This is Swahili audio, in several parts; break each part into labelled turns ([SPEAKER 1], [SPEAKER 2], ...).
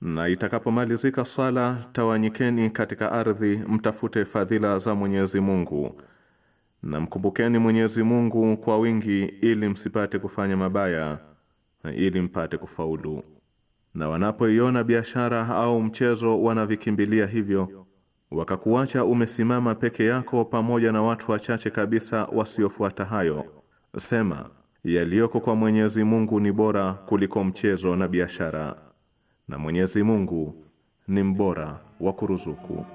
[SPEAKER 1] na itakapomalizika swala tawanyikeni katika ardhi mtafute fadhila za Mwenyezi Mungu na mkumbukeni Mwenyezi Mungu kwa wingi ili msipate kufanya mabaya na ili mpate kufaulu. Na wanapoiona biashara au mchezo wanavikimbilia hivyo, wakakuacha umesimama peke yako pamoja na watu wachache kabisa wasiofuata hayo. Sema, yaliyoko kwa Mwenyezi Mungu ni bora kuliko mchezo na biashara na Mwenyezi Mungu ni mbora wa kuruzuku.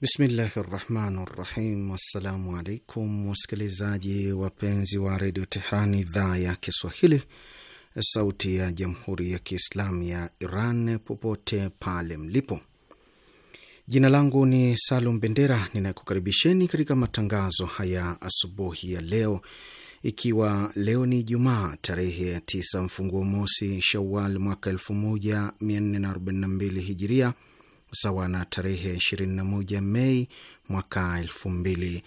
[SPEAKER 2] Bismillahi rahmani rahim. Wassalamu alaikum wasikilizaji wapenzi wa redio Tehrani, idhaa ya Kiswahili, Sauti ya Jamhuri ya Kiislamu ya Iran popote pale mlipo. Jina langu ni Salum Bendera, ninakukaribisheni katika matangazo haya asubuhi ya leo, ikiwa leo ni Jumaa tarehe ya tisa mfunguo mosi Shawal mwaka 1442 Hijiria, sawa na tarehe 21 Mei mwaka mbili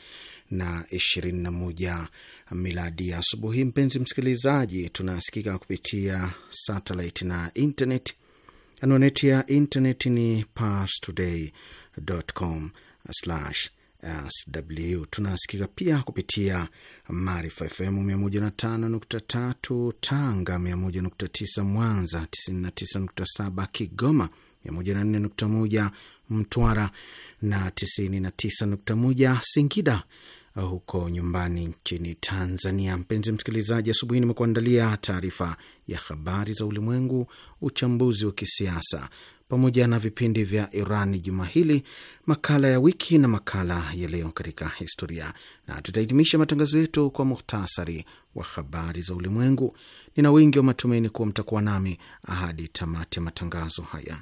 [SPEAKER 2] na 21 miladi. Asubuhi mpenzi msikilizaji, tunasikika kupitia satellite na internet. Anwani ya internet ni parstoday.com/sw. Tunasikika pia kupitia Maarifa FM 105.3 Tanga, 101.9 Mwanza, 99.7 Kigoma, 104.1 Mtwara na 99.1 Singida huko nyumbani nchini Tanzania. Mpenzi msikilizaji, asubuhi nimekuandalia taarifa ya habari za ulimwengu, uchambuzi wa kisiasa, pamoja na vipindi vya Iran juma hili, makala ya wiki na makala ya leo katika historia, na tutahitimisha matangazo yetu kwa muhtasari wa habari za ulimwengu. Nina wingi wa matumaini kuwa mtakuwa nami ahadi tamati ya matangazo haya.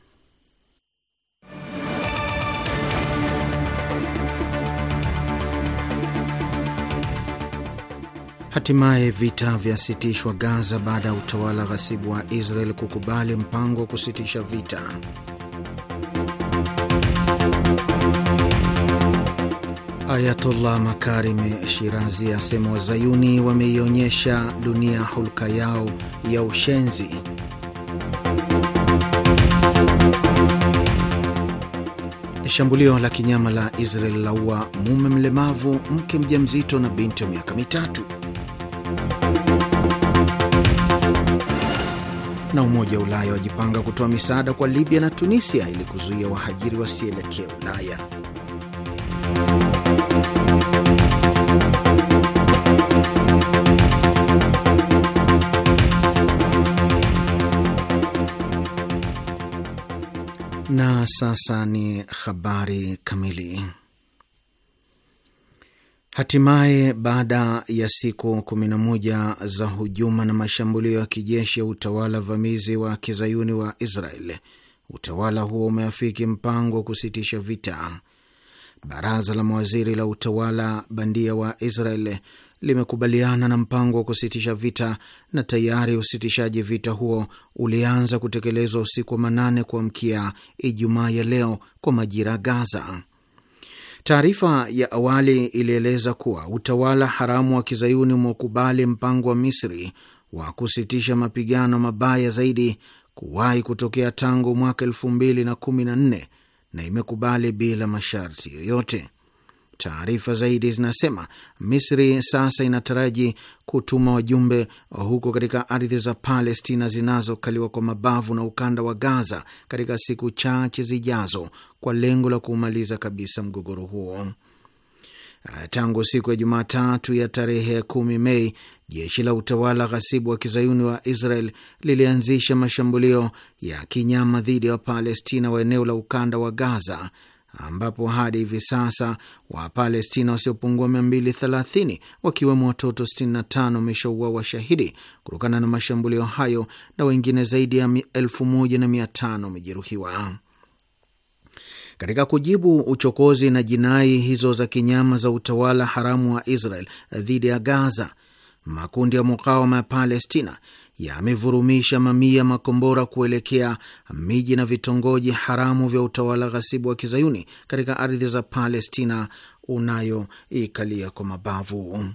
[SPEAKER 2] Hatimaye vita vyasitishwa Gaza baada ya utawala ghasibu wa Israel kukubali mpango wa kusitisha vita. Ayatullah Makarim Shirazi asema wazayuni wameionyesha dunia hulka yao ya ushenzi. Shambulio la kinyama la Israel laua mume mlemavu, mke mjamzito na binti wa miaka mitatu. na Umoja wa Ulaya wajipanga kutoa misaada kwa Libya na Tunisia ili kuzuia wahajiri wasielekee Ulaya. Na sasa ni habari kamili. Hatimaye, baada ya siku 11 za hujuma na mashambulio ya kijeshi ya utawala vamizi wa kizayuni wa Israel, utawala huo umeafiki mpango wa kusitisha vita. Baraza la mawaziri la utawala bandia wa Israel limekubaliana na mpango wa kusitisha vita, na tayari usitishaji vita huo ulianza kutekelezwa usiku wa manane kuamkia Ijumaa ya leo kwa majira Gaza. Taarifa ya awali ilieleza kuwa utawala haramu wa kizayuni umeukubali mpango wa Misri wa kusitisha mapigano mabaya zaidi kuwahi kutokea tangu mwaka elfu mbili na kumi na nne na imekubali bila masharti yoyote. Taarifa zaidi zinasema Misri sasa inataraji kutuma wajumbe huko katika ardhi za Palestina zinazokaliwa kwa mabavu na ukanda wa Gaza katika siku chache zijazo kwa lengo la kuumaliza kabisa mgogoro huo. Eh, tangu siku ya Jumatatu ya tarehe kumi Mei, jeshi la utawala ghasibu wa kizayuni wa Israel lilianzisha mashambulio ya kinyama dhidi ya Wapalestina wa eneo la ukanda wa Gaza ambapo hadi hivi sasa Wapalestina wasiopungua 230 wakiwemo watoto 65 wameshauawa washahidi kutokana na mashambulio hayo na wengine zaidi ya 1500 wamejeruhiwa. Katika kujibu uchokozi na jinai hizo za kinyama za utawala haramu wa Israel dhidi ya Gaza, makundi ya mukawama ya Palestina yamevurumisha mamia makombora kuelekea miji na vitongoji haramu vya utawala ghasibu wa kizayuni katika ardhi za Palestina unayoikalia kwa mabavu.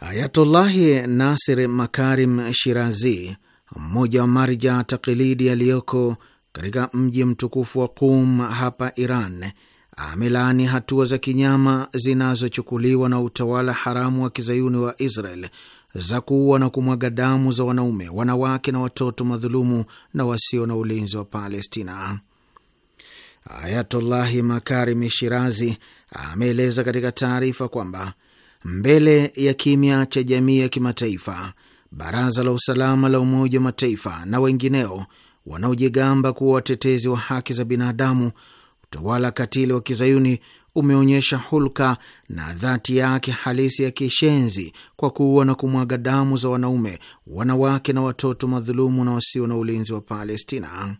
[SPEAKER 2] Ayatullahi Nasir Makarim Shirazi, mmoja wa marja taqilidi aliyoko katika mji mtukufu wa Qum hapa Iran amelaani hatua za kinyama zinazochukuliwa na utawala haramu wa kizayuni wa Israel za kuua na kumwaga damu za wanaume, wanawake na watoto madhulumu na wasio na ulinzi wa Palestina. Ayatullahi Makarimi Shirazi ameeleza katika taarifa kwamba mbele ya kimya cha jamii ya kimataifa, Baraza la Usalama la Umoja wa Mataifa na wengineo wanaojigamba kuwa watetezi wa haki za binadamu Utawala katili wa kizayuni umeonyesha hulka na dhati yake halisi ya kishenzi kwa kuua na kumwaga damu za wanaume, wanawake na watoto madhulumu na wasio na ulinzi wa Palestina.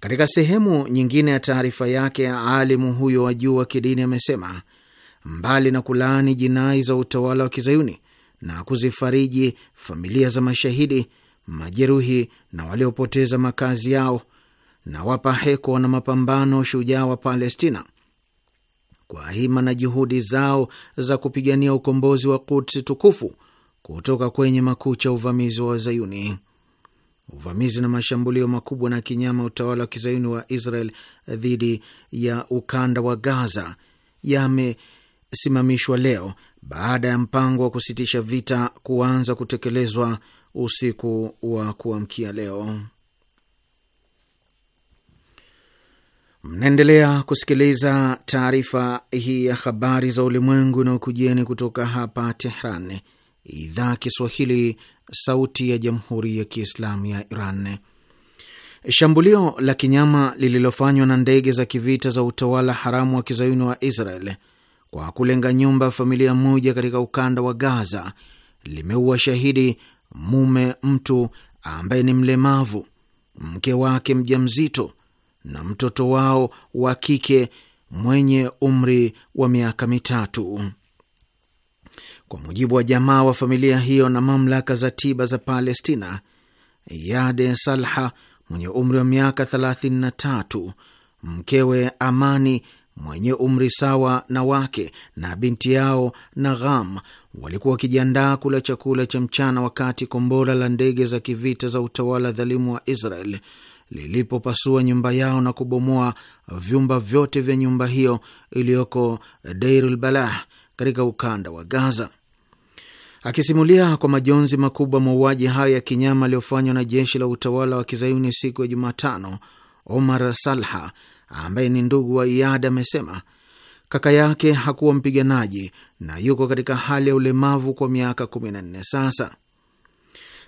[SPEAKER 2] Katika sehemu nyingine ya taarifa yake ya alimu huyo wa juu wa kidini amesema, mbali na kulaani jinai za utawala wa kizayuni na kuzifariji familia za mashahidi, majeruhi na waliopoteza makazi yao na heko na mapambano shujaa wa Palestina kwa hima na juhudi zao za kupigania ukombozi wa kutsi tukufu kutoka kwenye makucha uvamizi wa zayuni Uvamizi na mashambulio makubwa na kinyama utawala wa kizayuni wa Israel dhidi ya ukanda wa Gaza yamesimamishwa leo baada ya mpango wa kusitisha vita kuanza kutekelezwa usiku wa kuamkia leo. Mnaendelea kusikiliza taarifa hii ya habari za ulimwengu na ukujieni kutoka hapa Tehran, idhaa Kiswahili, sauti ya jamhuri ya kiislamu ya Iran. Shambulio la kinyama lililofanywa na ndege za kivita za utawala haramu wa kizayuni wa Israel kwa kulenga nyumba ya familia moja katika ukanda wa Gaza limeua shahidi mume mtu ambaye ni mlemavu, mke wake mjamzito na mtoto wao wa kike mwenye umri wa miaka mitatu. Kwa mujibu wa jamaa wa familia hiyo na mamlaka za tiba za Palestina, Yade Salha mwenye umri wa miaka 33, mkewe Amani mwenye umri sawa na wake na binti yao Nagham walikuwa wakijiandaa kula chakula cha mchana wakati kombora la ndege za kivita za utawala dhalimu wa Israel lilipopasua nyumba yao na kubomoa vyumba vyote vya nyumba hiyo iliyoko Deirul Balah katika ukanda wa Gaza. Akisimulia kwa majonzi makubwa mauaji hayo ya kinyama aliyofanywa na jeshi la utawala wa kizayuni siku ya Jumatano, Omar Salha ambaye ni ndugu wa Iada amesema kaka yake hakuwa mpiganaji na yuko katika hali ya ulemavu kwa miaka 14 sasa.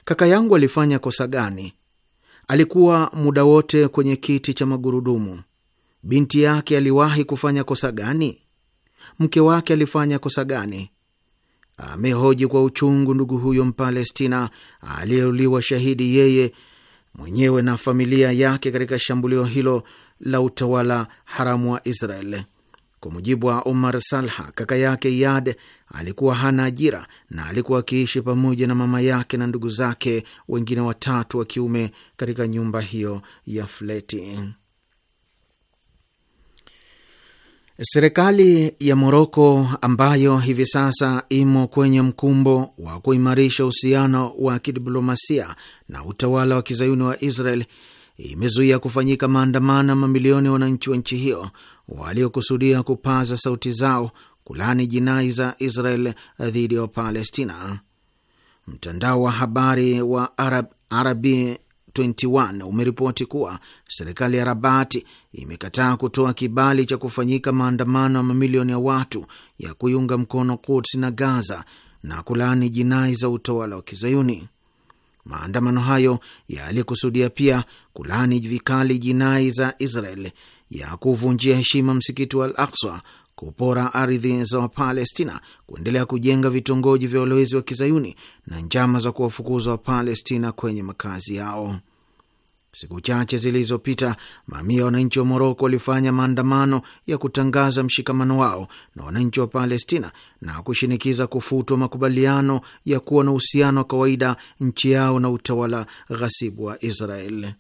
[SPEAKER 2] Kaka yangu alifanya kosa gani? Alikuwa muda wote kwenye kiti cha magurudumu. Binti yake aliwahi kufanya kosa gani? Mke wake alifanya kosa gani? Amehoji kwa uchungu ndugu huyo Mpalestina aliyeuliwa shahidi yeye mwenyewe na familia yake katika shambulio hilo la utawala haramu wa Israeli. Kwa mujibu wa umar Salha, kaka yake yad alikuwa hana ajira na alikuwa akiishi pamoja na mama yake na ndugu zake wengine watatu wa kiume katika nyumba hiyo ya fleti. Serikali ya Moroko ambayo hivi sasa imo kwenye mkumbo wa kuimarisha uhusiano wa kidiplomasia na utawala wa kizayuni wa Israel imezuia kufanyika maandamano ya mamilioni ya wananchi wa nchi hiyo waliokusudia kupaza sauti zao kulani jinai za Israel dhidi ya Wapalestina. Mtandao wa habari wa Arab, Arabi 21 umeripoti kuwa serikali ya Rabati imekataa kutoa kibali cha kufanyika maandamano ya mamilioni ya watu ya kuiunga mkono Quds na Gaza na kulaani jinai za utawala wa Kizayuni. Maandamano hayo yalikusudia pia kulaani vikali jinai za Israel ya kuvunjia heshima msikiti wa Al Aksa, kupora ardhi za Wapalestina, kuendelea kujenga vitongoji vya walowezi wa kizayuni na njama za kuwafukuza Wapalestina kwenye makazi yao. Siku chache zilizopita mamia ya wananchi wa Moroko walifanya maandamano ya kutangaza mshikamano wao na wananchi wa Palestina na kushinikiza kufutwa makubaliano ya kuwa na uhusiano wa kawaida nchi yao na utawala ghasibu wa Israel.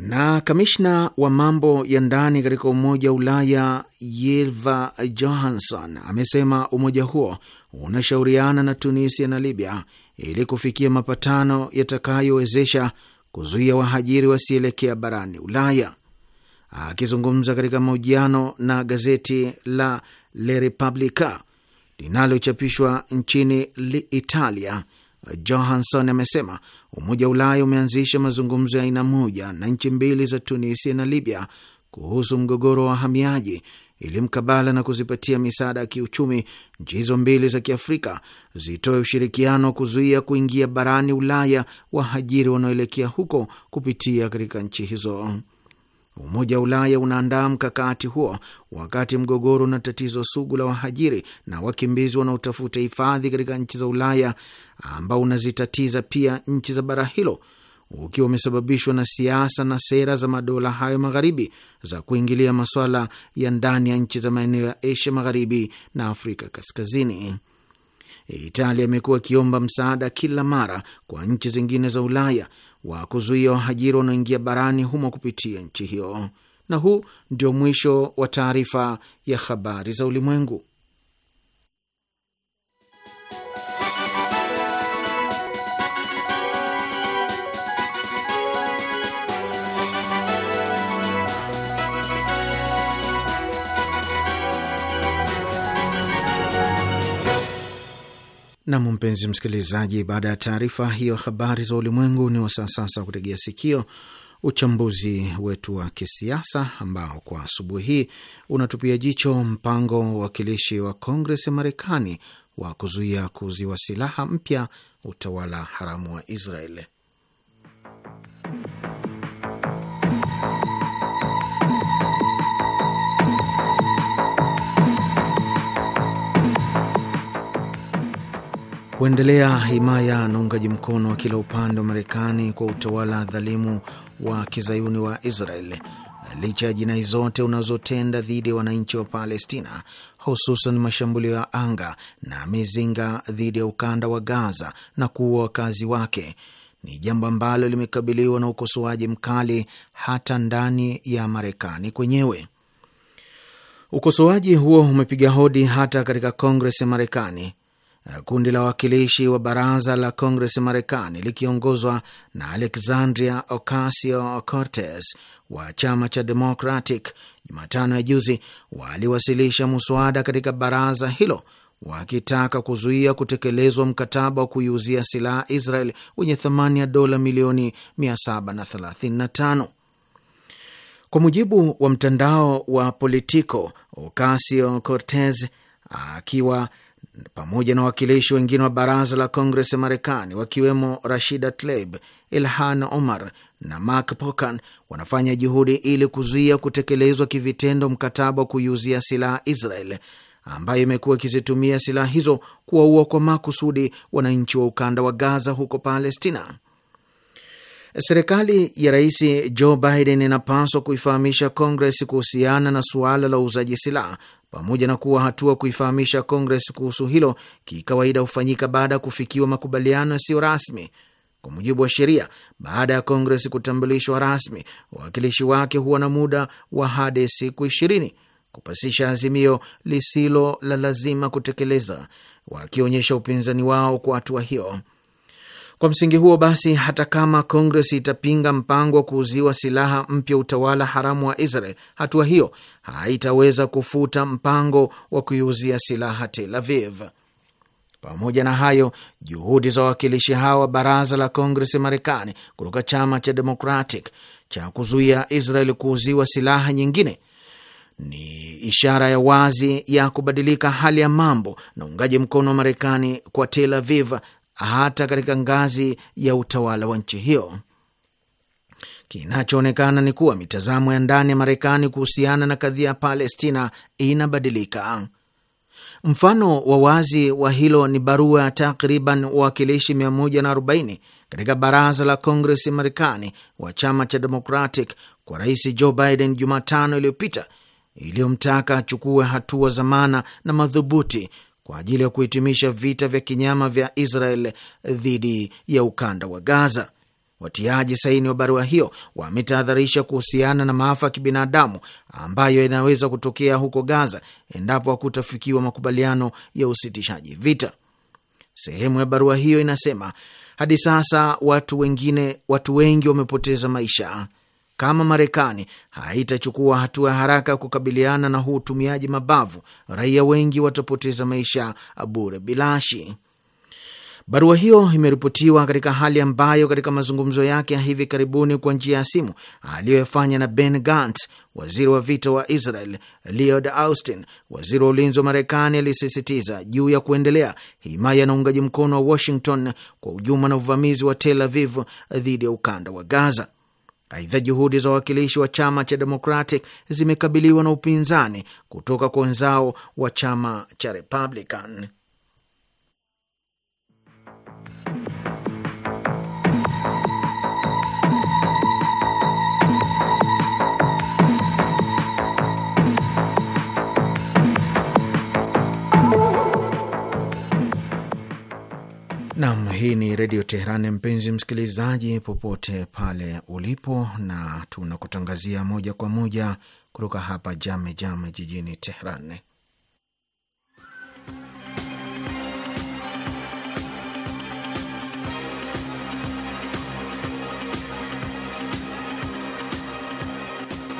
[SPEAKER 2] Na kamishna wa mambo ya ndani katika Umoja wa Ulaya Yelva Johansson amesema umoja huo unashauriana na Tunisia na Libya ili kufikia mapatano yatakayowezesha kuzuia wahajiri wasielekea barani Ulaya. Akizungumza katika mahojiano na gazeti la Le Republica linalochapishwa nchini Italia, Johansson amesema Umoja wa Ulaya umeanzisha mazungumzo ya aina moja na nchi mbili za Tunisia na Libya kuhusu mgogoro wa wahamiaji ili mkabala na kuzipatia misaada ya kiuchumi nchi hizo mbili za Kiafrika zitoe ushirikiano wa kuzuia kuingia barani Ulaya wahajiri wanaoelekea huko kupitia katika nchi hizo. Umoja wa Ulaya unaandaa mkakati huo wakati mgogoro na tatizo sugu la wahajiri na wakimbizi wanaotafuta hifadhi katika nchi za Ulaya ambao unazitatiza pia nchi za bara hilo ukiwa umesababishwa na siasa na sera za madola hayo magharibi za kuingilia masuala ya ndani ya nchi za maeneo ya Asia magharibi na Afrika kaskazini. Italia imekuwa ikiomba msaada kila mara kwa nchi zingine za Ulaya wa kuzuia wahajiri wanaoingia barani humo kupitia nchi hiyo. Na huu ndio mwisho wa taarifa ya habari za ulimwengu. Nam, mpenzi msikilizaji, baada ya taarifa hiyo habari za ulimwengu, ni wasaa sasa kutegea sikio uchambuzi wetu wa kisiasa ambao kwa asubuhi hii unatupia jicho mpango wa wakilishi wa Kongres ya Marekani wa kuzuia kuuziwa silaha mpya utawala haramu wa Israeli. kuendelea himaya na uungaji mkono wa kila upande wa Marekani kwa utawala dhalimu wa kizayuni wa Israel licha ya jinai zote unazotenda dhidi ya wananchi wa Palestina, hususan mashambulio ya anga na mizinga dhidi ya ukanda wa Gaza na kuua wakazi wake, ni jambo ambalo limekabiliwa na ukosoaji mkali hata ndani ya Marekani kwenyewe. Ukosoaji huo umepiga hodi hata katika Kongres ya Marekani Eh, kundi la wawakilishi wa baraza la Kongres Marekani likiongozwa na Alexandria Ocasio Cortes wa chama cha Democratic Jumatano ya juzi waliwasilisha muswada katika baraza hilo wakitaka kuzuia kutekelezwa mkataba wa kuiuzia silaha Israel wenye thamani ya dola milioni 735. Kwa mujibu wa mtandao wa Politico, Ocasio Cortez akiwa pamoja na wawakilishi wengine wa baraza la Kongres ya Marekani, wakiwemo Rashida Tlaib, Ilhan Omar na Mark Pocan wanafanya juhudi ili kuzuia kutekelezwa kivitendo mkataba wa kuiuzia silaha Israel ambayo imekuwa ikizitumia silaha hizo kuwaua kwa makusudi wananchi wa ukanda wa Gaza huko Palestina. Serikali ya Rais Joe Biden inapaswa kuifahamisha Kongres kuhusiana na suala la uuzaji silaha pamoja na kuwa hatua kuifahamisha Kongres kuhusu hilo kikawaida hufanyika baada ya kufikiwa makubaliano yasiyo rasmi. Kwa mujibu wa sheria, baada ya Kongres kutambulishwa rasmi, wawakilishi wake huwa na muda wa hadi siku ishirini kupasisha azimio lisilo la lazima kutekeleza, wakionyesha upinzani wao kwa hatua hiyo. Kwa msingi huo basi, hata kama Kongres itapinga mpango wa kuuziwa silaha mpya utawala haramu wa Israel, hatua hiyo haitaweza kufuta mpango wa kuiuzia silaha Tel Aviv. Pamoja na hayo, juhudi za wawakilishi hawa wa baraza la Kongres Marekani kutoka chama cha Democratic cha kuzuia Israel kuuziwa silaha nyingine ni ishara ya wazi ya kubadilika hali ya mambo na uungaji mkono wa Marekani kwa Tel Aviv hata katika ngazi ya utawala wa nchi hiyo. Kinachoonekana ni kuwa mitazamo ya ndani ya Marekani kuhusiana na kadhia ya Palestina inabadilika. Mfano wa wazi wa hilo ni barua ya takriban wawakilishi 140 katika baraza la Kongres ya Marekani wa chama cha Democratic kwa Rais Joe Biden Jumatano iliyopita iliyomtaka achukue hatua za maana na madhubuti kwa ajili ya kuhitimisha vita vya kinyama vya Israel dhidi ya ukanda wa Gaza. Watiaji saini wa barua hiyo wametahadharisha kuhusiana na maafa ya kibinadamu ambayo yanaweza kutokea huko Gaza endapo hakutafikiwa makubaliano ya usitishaji vita. Sehemu ya barua hiyo inasema hadi sasa watu wengine, watu wengi wamepoteza maisha kama Marekani haitachukua hatua ya haraka kukabiliana na huu utumiaji mabavu, raia wengi watapoteza maisha bure bilashi. Barua hiyo imeripotiwa katika hali ambayo katika mazungumzo yake ya hivi karibuni kwa njia ya simu aliyoyafanya na Ben Gant, waziri wa vita wa Israel, Lloyd Austin, waziri wa ulinzi wa Marekani, alisisitiza juu ya kuendelea himaya na uungaji mkono wa Washington kwa hujuma na uvamizi wa Tel Aviv dhidi ya ukanda wa Gaza. Aidha, juhudi za wawakilishi wa chama cha Democratic zimekabiliwa na upinzani kutoka kwa wenzao wa chama cha Republican. Nam, hii ni Redio Teheran, mpenzi msikilizaji, popote pale ulipo, na tunakutangazia moja kwa moja kutoka hapa Jame Jame jijini Teheran.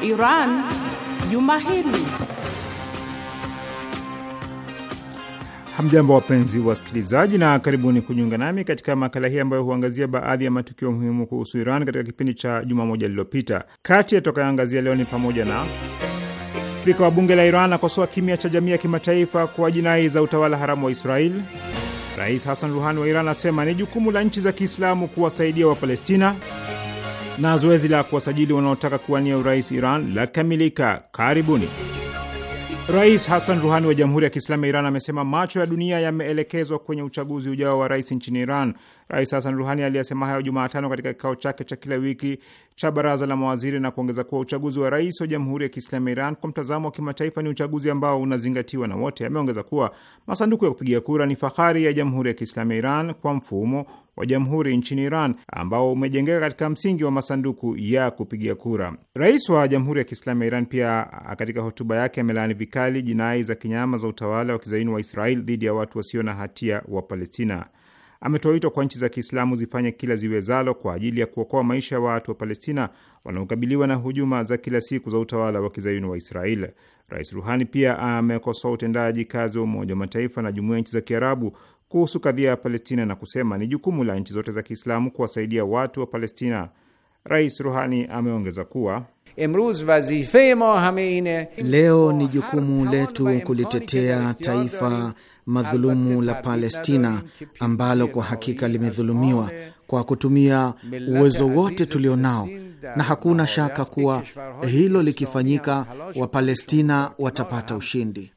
[SPEAKER 3] Iran Juma Hili.
[SPEAKER 4] Hamjambo, wapenzi wasikilizaji, na karibuni kujiunga nami katika makala hii ambayo huangazia baadhi ya matukio muhimu kuhusu Iran katika kipindi cha juma moja lililopita. Kati ya tokayoangazia leo ni pamoja na spika wa bunge la Iran akosoa kimya cha jamii ya kimataifa kwa jinai za utawala haramu wa Israel. Rais Hassan Ruhani wa Iran asema ni jukumu la nchi za Kiislamu kuwasaidia Wapalestina, na zoezi la kuwasajili wanaotaka kuwania urais Iran lakamilika. Karibuni. Rais Hassan Ruhani wa Jamhuri ya Kiislamu ya Iran amesema macho ya dunia yameelekezwa kwenye uchaguzi ujao wa rais nchini Iran. Rais Hassan Ruhani aliyesema hayo Jumatano katika kikao chake cha kila wiki cha baraza la mawaziri na kuongeza kuwa uchaguzi wa rais wa Jamhuri ya Kiislamu ya Iran kwa mtazamo wa kimataifa ni uchaguzi ambao unazingatiwa na wote. Ameongeza kuwa masanduku ya kupigia kura ni fahari ya Jamhuri ya Kiislamu ya Iran kwa mfumo wa jamhuri nchini Iran ambao umejengeka katika msingi wa masanduku ya kupigia kura. Rais wa Jamhuri ya Kiislamu ya Iran pia katika hotuba yake amelaani vikali jinai za kinyama za utawala wa kizaini wa Israel dhidi ya watu wasio na hatia wa Palestina. Ametoa wito kwa nchi za Kiislamu zifanye kila ziwezalo kwa ajili ya kuokoa maisha ya watu wa Palestina wanaokabiliwa na hujuma za kila siku za utawala wa kizayuni wa Israel. Rais Ruhani pia amekosoa utendaji kazi wa Umoja wa Mataifa na Jumuiya ya Nchi za Kiarabu kuhusu kadhia ya Palestina na kusema ni jukumu la nchi zote za Kiislamu kuwasaidia watu wa Palestina. Rais Ruhani ameongeza kuwa leo ni jukumu
[SPEAKER 2] letu kulitetea taifa madhulumu la Palestina ambalo kwa hakika limedhulumiwa kwa kutumia uwezo wote tulionao, na hakuna shaka kuwa hilo likifanyika, Wapalestina watapata
[SPEAKER 4] ushindi.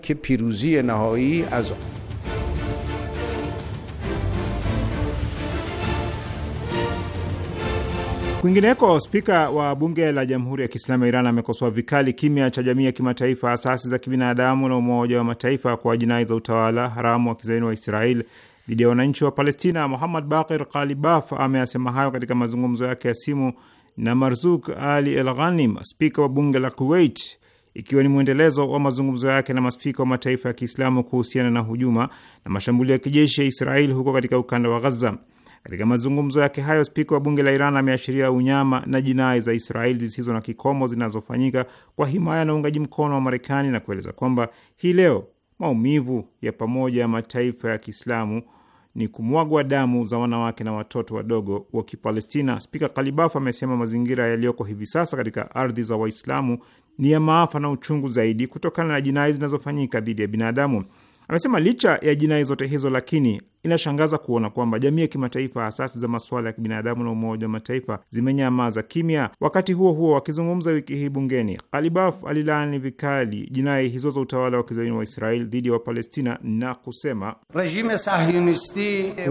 [SPEAKER 4] Kwingineko, spika wa bunge la Jamhuri ya Kiislamu ya Iran amekosoa vikali kimya cha jamii ya kimataifa, asasi za kibinadamu na Umoja wa Mataifa kwa jinai za utawala haramu wa kizaini wa Israel dhidi ya wananchi wa Palestina. Muhammad Bakir Kalibaf ameyasema hayo katika mazungumzo yake ya simu na Marzuk Ali El Ghanim, spika wa bunge la Kuwait, ikiwa ni mwendelezo wa mazungumzo yake na maspika wa mataifa ya Kiislamu kuhusiana na hujuma na mashambulio ya kijeshi ya Israel huko katika ukanda wa Ghaza. Katika mazungumzo yake hayo, spika wa bunge la Iran ameashiria unyama na jinai za Israeli zisizo na kikomo zinazofanyika kwa himaya na uungaji mkono wa Marekani na kueleza kwamba hii leo maumivu ya pamoja ya mataifa ya Kiislamu ni kumwagwa damu za wanawake na watoto wadogo wa Kipalestina. Spika Kalibaf amesema mazingira yaliyoko hivi sasa katika ardhi za Waislamu ni ya maafa na uchungu zaidi kutokana na jinai zinazofanyika dhidi ya binadamu. Amesema licha ya jinai zote hizo, lakini Inashangaza kuona kwamba jamii ya kimataifa, asasi za masuala ya kibinadamu na Umoja wa Mataifa zimenyamaza kimya. Wakati huo huo, wakizungumza wiki hii bungeni, Kalibaf alilaani vikali jinai hizo za utawala wa kizayuni wa Israeli dhidi ya Wapalestina na kusema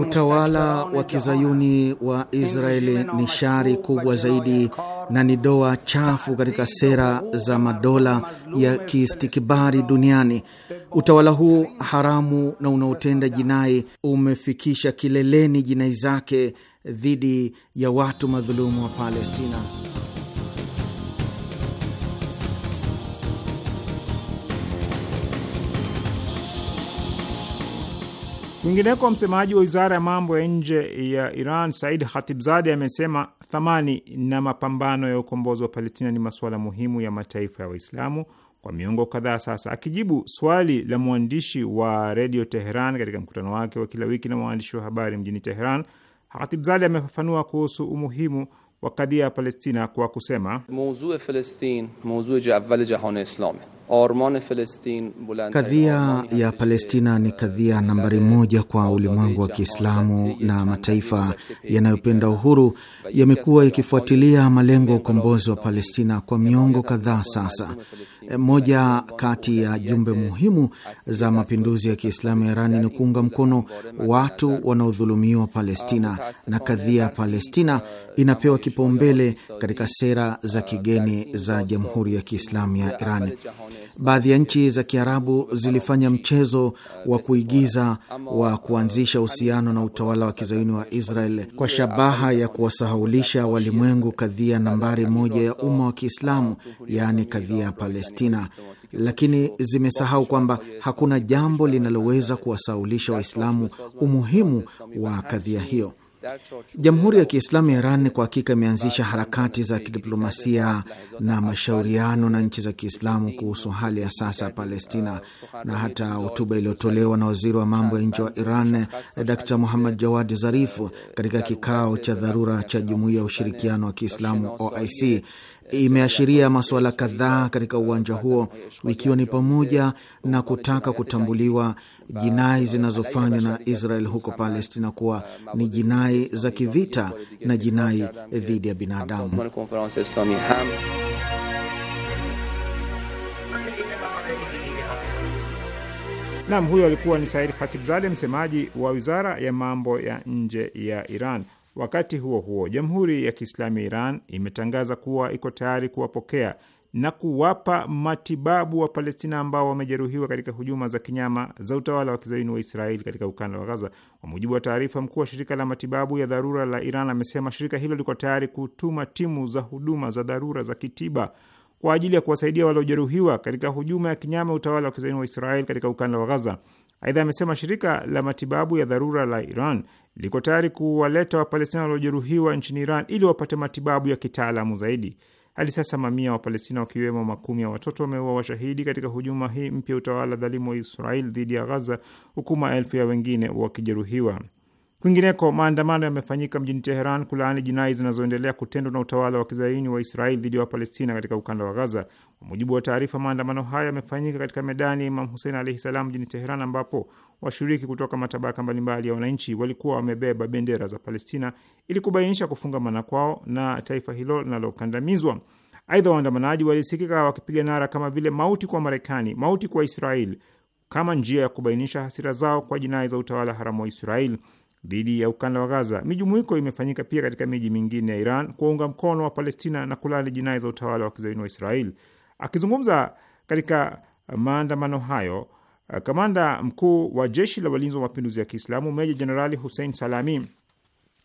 [SPEAKER 2] utawala wa kizayuni wa Israeli ni shari kubwa zaidi na ni doa chafu katika sera za madola ya kiistikibari duniani. Utawala huu haramu na unaotenda jinai umefikisha kileleni jinai zake dhidi ya watu madhulumu wa Palestina.
[SPEAKER 4] Kwingineko, msemaji wa wizara ya mambo ya nje ya Iran Said khatibzadi amesema thamani na mapambano ya ukombozi wa Palestina ni masuala muhimu ya mataifa ya Waislamu kwa miongo kadhaa sasa. Akijibu swali la mwandishi wa redio Teheran katika mkutano wake wa kila wiki na mwandishi wa habari mjini Teheran, Khatibzadeh amefafanua kuhusu umuhimu wa kadhia ya Palestina kwa kusema
[SPEAKER 1] awal jahan islami Kadhia
[SPEAKER 2] ya Palestina ni kadhia nambari moja kwa ulimwengu wa Kiislamu, na mataifa yanayopenda uhuru yamekuwa yakifuatilia malengo ya ukombozi wa Palestina kwa miongo kadhaa sasa. Eh, moja kati ya jumbe muhimu za mapinduzi ya Kiislamu ya Irani ni kuunga mkono watu wanaodhulumiwa ah, Palestina, na kadhia ya Palestina inapewa kipaumbele katika sera za ah, kigeni za Jamhuri ya Kiislamu ya Irani. Baadhi ya nchi za Kiarabu zilifanya mchezo wa kuigiza wa kuanzisha uhusiano na utawala wa kizayuni wa Israel kwa shabaha ya kuwasahaulisha walimwengu kadhia nambari moja ya umma wa Kiislamu, yaani kadhia ya Palestina, lakini zimesahau kwamba hakuna jambo linaloweza kuwasahaulisha Waislamu umuhimu wa kadhia hiyo. Jamhuri ya Kiislamu ya Iran kwa hakika imeanzisha harakati za kidiplomasia na mashauriano na nchi za Kiislamu kuhusu hali ya sasa ya Palestina, na hata hotuba iliyotolewa na waziri wa mambo ya nje wa Iran Dr Muhammad Jawad Zarif katika kikao cha dharura cha Jumuiya ya Ushirikiano wa Kiislamu OIC imeashiria masuala kadhaa katika uwanja huo ikiwa ni pamoja na kutaka kutambuliwa jinai zinazofanywa na Israel huko Palestina kuwa ni jinai za kivita na jinai dhidi ya binadamu.
[SPEAKER 5] Nam,
[SPEAKER 4] huyo alikuwa ni Said Khatibzadeh, msemaji wa wizara ya mambo ya nje ya Iran. Wakati huo huo, Jamhuri ya Kiislamu ya Iran imetangaza kuwa iko tayari kuwapokea na kuwapa matibabu wa Palestina ambao wamejeruhiwa katika hujuma za kinyama za utawala wa kizayuni wa Israeli katika ukanda wa Gaza. Kwa mujibu wa taarifa, mkuu wa shirika la matibabu ya dharura la Iran amesema shirika hilo liko tayari kutuma timu za huduma za dharura za kitiba kwa ajili ya kuwasaidia waliojeruhiwa katika hujuma ya kinyama utawala wa kizayuni wa Israeli katika ukanda wa Gaza. Aidha amesema shirika la matibabu ya dharura la Iran liko tayari kuwaleta Wapalestina waliojeruhiwa nchini Iran ili wapate matibabu ya kitaalamu zaidi. Hadi sasa mamia Wapalestina wakiwemo makumi ya watoto wameua washahidi katika hujuma hii mpya utawala dhalimu wa Israel dhidi ya Ghaza, huku maelfu ya wengine wakijeruhiwa. Kwingineko, maandamano yamefanyika mjini Teheran kulaani jinai zinazoendelea kutendwa na utawala wa kizaini wa Israeli dhidi ya Wapalestina katika ukanda wa Gaza. Kwa mujibu wa taarifa, maandamano hayo yamefanyika katika medani ya Imam Husein alaihi salam mjini Teheran, ambapo washiriki kutoka matabaka mbalimbali ya wananchi walikuwa wamebeba bendera za Palestina ili kubainisha kufungamana kwao na taifa hilo linalokandamizwa. Aidha, waandamanaji walisikika wakipiga nara kama vile mauti kwa Marekani, mauti kwa Israeli, kama njia ya kubainisha hasira zao kwa jinai za utawala haramu wa Israeli dhidi ya ukanda wa Gaza. Mijumuiko imefanyika pia katika miji mingine ya Iran kuwaunga mkono wa Palestina na kulali jinai za utawala wa kizayuni wa israel Akizungumza katika maandamano hayo, kamanda mkuu wa jeshi la walinzi wa mapinduzi ya Kiislamu meja jenerali Hussein Salami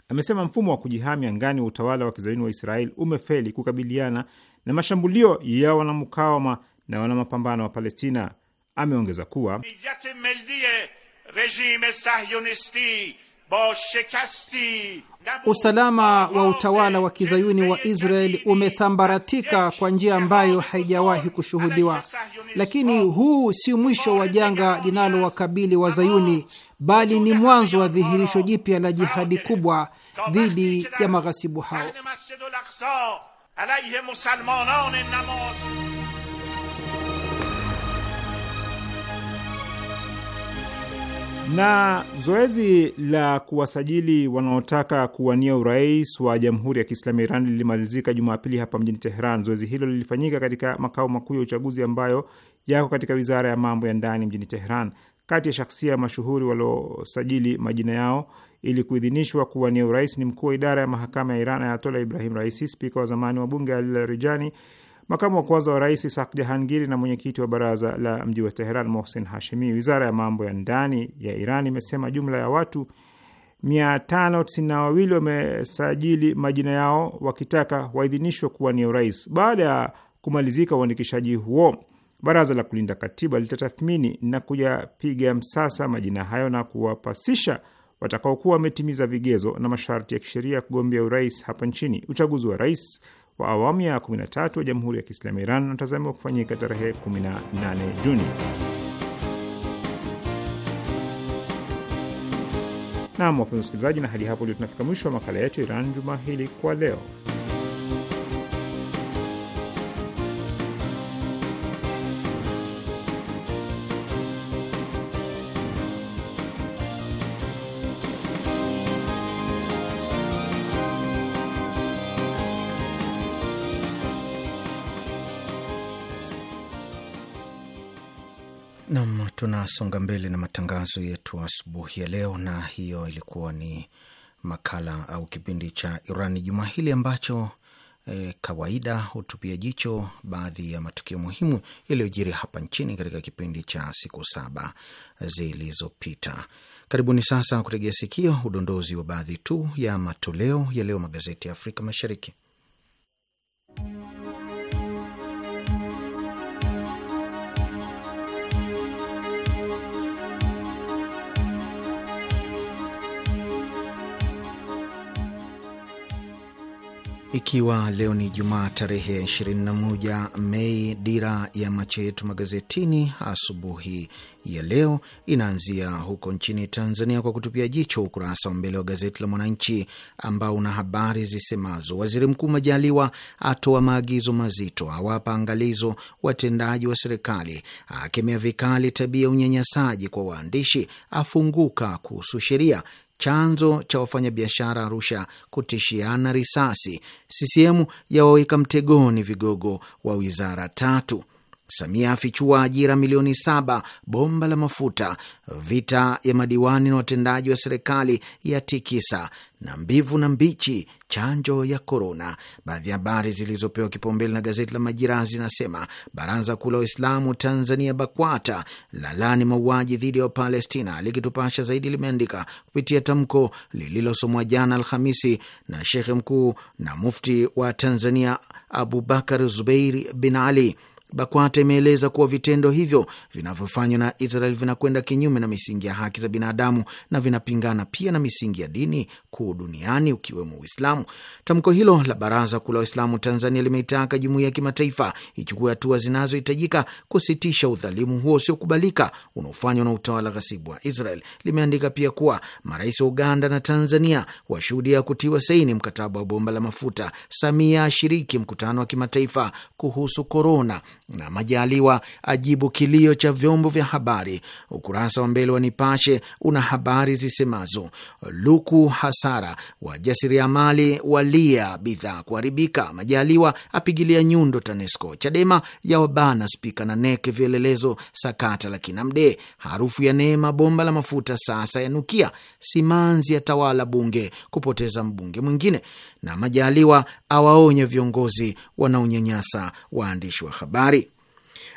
[SPEAKER 4] amesema mfumo wa kujihami angani wa utawala wa kizayuni wa Israel umefeli kukabiliana na mashambulio ya wanamukawama na wanamapambano wa Palestina. Ameongeza kuwa
[SPEAKER 6] Usalama wa utawala wa kizayuni wa Israeli umesambaratika kwa njia ambayo haijawahi kushuhudiwa, lakini huu si mwisho wa janga linalowakabili wazayuni, bali ni mwanzo wa dhihirisho jipya la jihadi kubwa dhidi ya maghasibu hao.
[SPEAKER 4] na zoezi la kuwasajili wanaotaka kuwania urais wa Jamhuri ya Kiislamu ya Iran lilimalizika Jumapili hapa mjini Teheran. Zoezi hilo lilifanyika katika makao makuu ya uchaguzi ambayo yako katika wizara ya mambo ya ndani mjini Teheran. Kati ya shakhsia mashuhuri waliosajili majina yao ili kuidhinishwa kuwania urais ni mkuu wa idara ya mahakama ya Iran Ayatola Ibrahim Raisi, spika wa zamani wa bunge Alil Rijani, Makamu wa kwanza wa rais Isak Jahangiri na mwenyekiti wa baraza la mji wa Teheran Mohsen Hashimi. Wizara ya mambo ya ndani ya Iran imesema jumla ya watu 592 wamesajili majina yao wakitaka waidhinishwe kuwa ni urais. Baada ya kumalizika uandikishaji huo, baraza la kulinda katiba litatathmini na kuyapiga msasa majina hayo na kuwapasisha watakaokuwa wametimiza vigezo na masharti ya kisheria ya kugombea urais hapa nchini. Uchaguzi wa rais wa awamu ya 13 wa Jamhuri ya Kiislamu ya Iran unatazamiwa kufanyika tarehe 18 Juni. Nam, wapenzi wasikilizaji, na hadi hapo ndio tunafika mwisho wa makala yetu Iran juma hili kwa leo.
[SPEAKER 2] tunasonga mbele na matangazo yetu asubuhi ya leo, na hiyo ilikuwa ni makala au kipindi cha Irani juma hili ambacho e, kawaida hutupia jicho baadhi ya matukio muhimu yaliyojiri hapa nchini katika kipindi cha siku saba zilizopita. Karibuni sasa kutegea sikio udondozi wa baadhi tu ya matoleo ya leo magazeti ya Afrika Mashariki. Ikiwa leo ni Jumaa tarehe 21 Mei, dira ya macho yetu magazetini asubuhi ya leo inaanzia huko nchini Tanzania kwa kutupia jicho ukurasa wa mbele wa gazeti la Mwananchi ambao una habari zisemazo: Waziri Mkuu Majaliwa atoa maagizo mazito, awapa angalizo watendaji wa serikali, akemea vikali tabia ya unyanyasaji kwa waandishi, afunguka kuhusu sheria, chanzo cha wafanyabiashara Arusha kutishiana risasi, CCM yawaweka mtegoni vigogo wa wizara tatu, Samia afichua ajira milioni saba, bomba la mafuta, vita ya madiwani na watendaji wa serikali ya tikisa, na mbivu na mbichi chanjo ya korona. Baadhi ya habari zilizopewa kipaumbele na gazeti la Majira zinasema baraza kuu la Waislamu Tanzania BAKWATA lalani mauaji dhidi ya Wapalestina. Likitupasha zaidi limeandika kupitia tamko lililosomwa jana Alhamisi na shekhe mkuu na mufti wa Tanzania Abubakar Zubeiri bin Ali BAKWATA imeeleza kuwa vitendo hivyo vinavyofanywa na Israel vinakwenda kinyume na misingi ya haki za binadamu na vinapingana pia na misingi ya dini kuu duniani ukiwemo Uislamu. Tamko hilo la Baraza Kuu la Waislamu Tanzania limeitaka jumuiya ya kimataifa ichukue hatua zinazohitajika kusitisha udhalimu huo usiokubalika unaofanywa na utawala ghasibu wa Israel. Limeandika pia kuwa marais wa Uganda na Tanzania washuhudia kutiwa saini mkataba wa bomba la mafuta. Samia ashiriki mkutano wa kimataifa kuhusu korona na Majaliwa ajibu kilio cha vyombo vya habari. Ukurasa wa mbele wa Nipashe una habari zisemazo luku hasara, wajasiriamali walia bidhaa kuharibika, Majaliwa apigilia nyundo TANESCO, Chadema ya wabana spika na neke vielelezo sakata la Kinamde, harufu ya neema bomba la mafuta sasa yanukia, simanzi ya tawala bunge kupoteza mbunge mwingine, na Majaliwa awaonye viongozi wanaonyanyasa waandishi wa habari.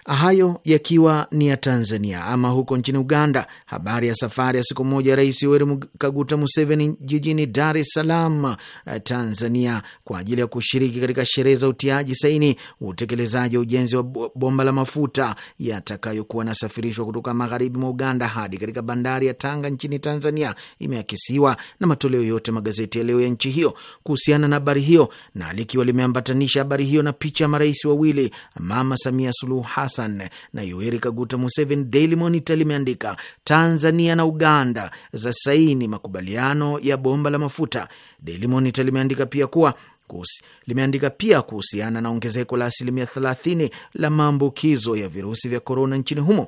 [SPEAKER 2] Hayo yakiwa ni ya Tanzania. Ama huko nchini Uganda, habari ya safari ya siku moja Rais Yoweri Kaguta Museveni jijini Dar es Salaam, eh, Tanzania, kwa ajili ya kushiriki katika sherehe za utiaji saini utekelezaji wa ujenzi wa bomba la mafuta yatakayokuwa nasafirishwa kutoka magharibi mwa Uganda hadi katika bandari ya Tanga nchini Tanzania imeakisiwa na matoleo yote magazeti ya leo ya nchi hiyo kuhusiana na habari hiyo, na likiwa limeambatanisha habari hiyo na picha ya marais wawili Mama Samia Suluhu Hassan na Yoweri Kaguta Museveni, Daily Monitor limeandika Tanzania na Uganda za saini makubaliano ya bomba la mafuta. Daily Monitor limeandika pia kuwa Kusi. Limeandika pia kuhusiana na ongezeko la asilimia 30 la maambukizo ya virusi vya korona nchini humo.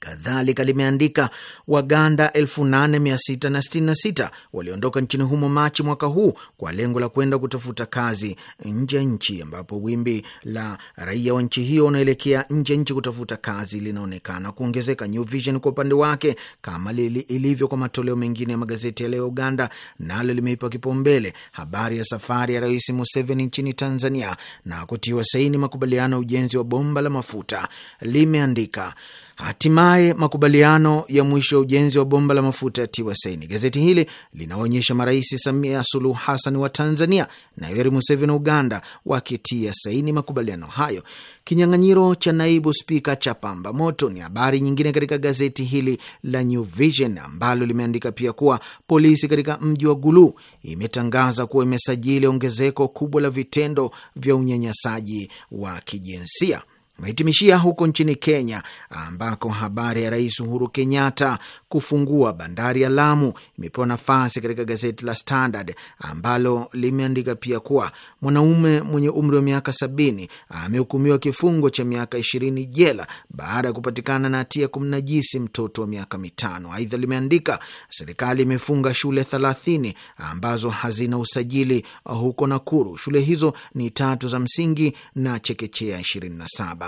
[SPEAKER 2] Kadhalika limeandika Waganda 8666 waliondoka nchini humo Machi mwaka huu kwa lengo la kwenda kutafuta kazi nje ya nchi, ambapo wimbi la raia wa nchi hiyo wanaelekea nje ya nchi kutafuta kazi linaonekana kuongezeka. New Vision kwa upande wake, kama lili, ilivyo kwa matoleo mengine ya magazeti ya leo Uganda, nalo limeipa kipaumbele habari ya safari ya Rais Museveni nchini Tanzania na kutiwa saini makubaliano ya ujenzi wa bomba la mafuta. Limeandika Hatimaye makubaliano ya mwisho ya ujenzi wa bomba la mafuta yatiwa saini. Gazeti hili linaonyesha marais Samia Suluhu Hassan wa Tanzania na Yoweri Museveni wa Uganda wakitia saini makubaliano hayo. Kinyang'anyiro cha naibu spika cha pamba moto ni habari nyingine katika gazeti hili la New Vision ambalo limeandika pia kuwa polisi katika mji wa Gulu imetangaza kuwa imesajili ongezeko kubwa la vitendo vya unyanyasaji wa kijinsia. Tumehitimishia huko nchini Kenya ambako habari ya Rais Uhuru Kenyatta kufungua bandari ya Lamu imepewa nafasi katika gazeti la Standard ambalo limeandika pia kuwa mwanaume mwenye umri wa miaka sabini amehukumiwa kifungo cha miaka ishirini jela baada ya kupatikana na hatia kumnajisi mtoto wa miaka mitano. Aidha limeandika serikali imefunga shule thelathini ambazo hazina usajili huko Nakuru. Shule hizo ni tatu za msingi na chekechea ishirini na saba.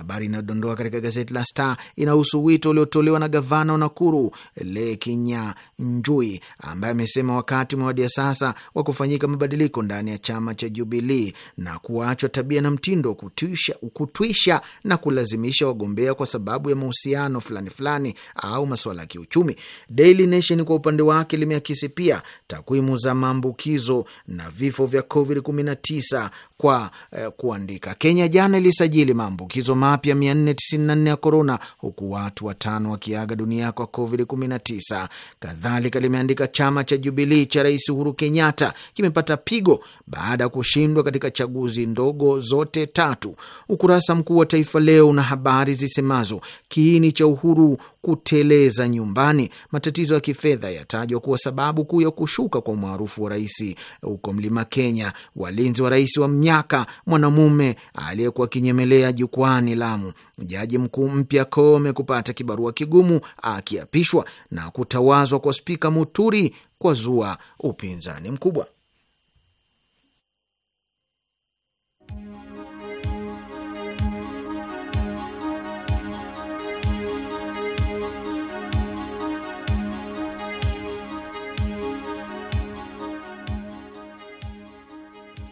[SPEAKER 2] Habari inayodondoka katika gazeti la Star inahusu wito uliotolewa na gavana wa Nakuru Lekinya Njui ambaye amesema wakati umewadia sasa wa kufanyika mabadiliko ndani ya chama cha Jubilii na kuachwa tabia na mtindo wa kutwisha na kulazimisha wagombea kwa sababu ya mahusiano fulani fulani au masuala ya kiuchumi. Daily Nation kwa upande wake limeakisi pia takwimu za maambukizo na vifo vya COVID-19 kwa eh, kuandika Kenya jana ilisajili maambukizo ma mapya 494 ya korona, huku watu watano wakiaga dunia kwa COVID-19. Kadhalika limeandika chama cha Jubilii cha Rais Uhuru Kenyatta kimepata pigo baada ya kushindwa katika chaguzi ndogo zote tatu. Ukurasa mkuu wa Taifa Leo una habari zisemazo kiini cha Uhuru kuteleza nyumbani, matatizo ya kifedha yatajwa kuwa sababu kuu ya kushuka kwa umaarufu wa rais huko mlima Kenya, walinzi wa rais wa Mnyaka, mwanamume aliyekuwa akinyemelea jukwani mkoani Lamu, jaji mkuu mpya Kome kupata kibarua kigumu akiapishwa na kutawazwa kwa spika Muturi kwa zua upinzani mkubwa.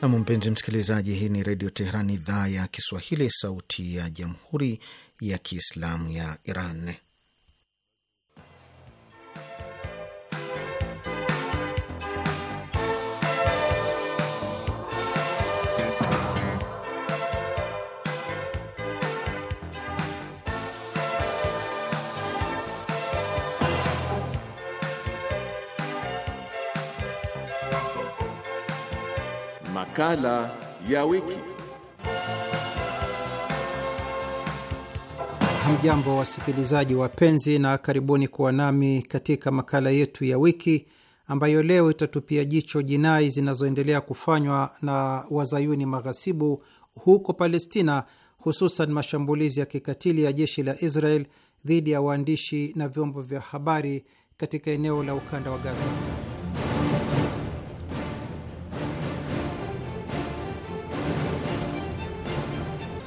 [SPEAKER 2] Nam, mpenzi msikilizaji, hii ni Redio Teheran, idhaa ya Kiswahili, sauti ya Jamhuri ya Kiislamu ya Iran.
[SPEAKER 6] Makala ya wiki. Hamjambo wasikilizaji wapenzi, na karibuni kuwa nami katika makala yetu ya wiki ambayo leo itatupia jicho jinai zinazoendelea kufanywa na wazayuni maghasibu huko Palestina, hususan mashambulizi ya kikatili ya jeshi la Israel dhidi ya waandishi na vyombo vya habari katika eneo la ukanda wa Gaza.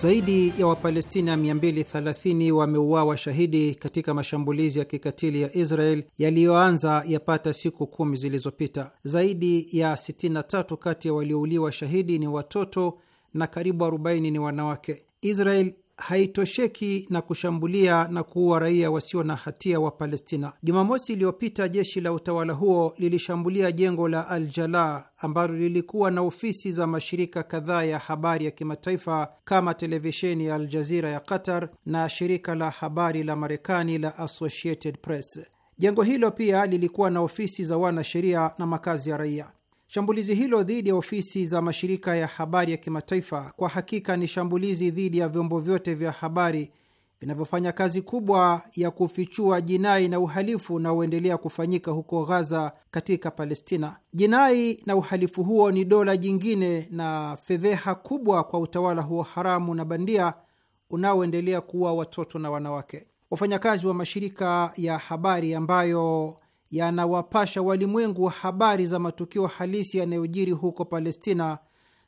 [SPEAKER 6] Zaidi ya Wapalestina 230 wameuawa shahidi katika mashambulizi ya kikatili ya Israel yaliyoanza yapata siku kumi zilizopita. Zaidi ya 63 kati ya waliouliwa shahidi ni watoto na karibu 40 ni wanawake. Israel haitosheki na kushambulia na kuua raia wasio na hatia wa Palestina. Jumamosi iliyopita jeshi la utawala huo lilishambulia jengo la Al Jala ambalo lilikuwa na ofisi za mashirika kadhaa ya habari ya kimataifa kama televisheni ya Al Jazira ya Qatar na shirika la habari la Marekani la Associated Press. Jengo hilo pia lilikuwa na ofisi za wanasheria na makazi ya raia. Shambulizi hilo dhidi ya ofisi za mashirika ya habari ya kimataifa kwa hakika ni shambulizi dhidi ya vyombo vyote vya habari vinavyofanya kazi kubwa ya kufichua jinai na uhalifu unaoendelea kufanyika huko Ghaza katika Palestina. Jinai na uhalifu huo ni dola jingine na fedheha kubwa kwa utawala huo haramu na bandia unaoendelea kuua watoto na wanawake. Wafanyakazi wa mashirika ya habari ambayo yanawapasha walimwengu habari za matukio halisi yanayojiri huko Palestina,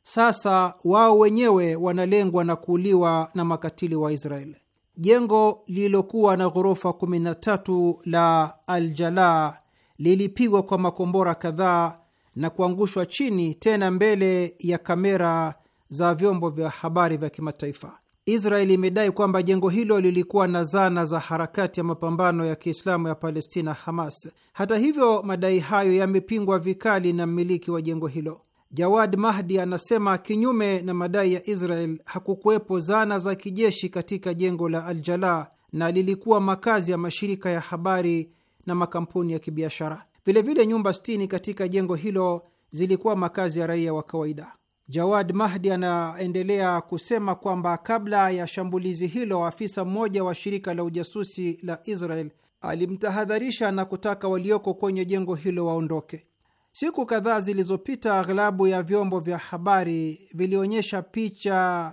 [SPEAKER 6] sasa wao wenyewe wanalengwa na kuuliwa na makatili wa Israeli. Jengo lililokuwa na ghorofa 13 la Aljalaa lilipigwa kwa makombora kadhaa na kuangushwa chini, tena mbele ya kamera za vyombo vya habari vya kimataifa. Israel imedai kwamba jengo hilo lilikuwa na zana za harakati ya mapambano ya Kiislamu ya Palestina, Hamas. Hata hivyo, madai hayo yamepingwa vikali na mmiliki wa jengo hilo. Jawad Mahdi anasema kinyume na madai ya Israel, hakukuwepo zana za kijeshi katika jengo la al na lilikuwa makazi ya mashirika ya habari na makampuni ya kibiashara. Vilevile, nyumba sitini katika jengo hilo zilikuwa makazi ya raia wa kawaida. Jawad Mahdi anaendelea kusema kwamba kabla ya shambulizi hilo, afisa mmoja wa shirika la ujasusi la Israel alimtahadharisha na kutaka walioko kwenye jengo hilo waondoke. Siku kadhaa zilizopita, aghlabu ya vyombo vya habari vilionyesha picha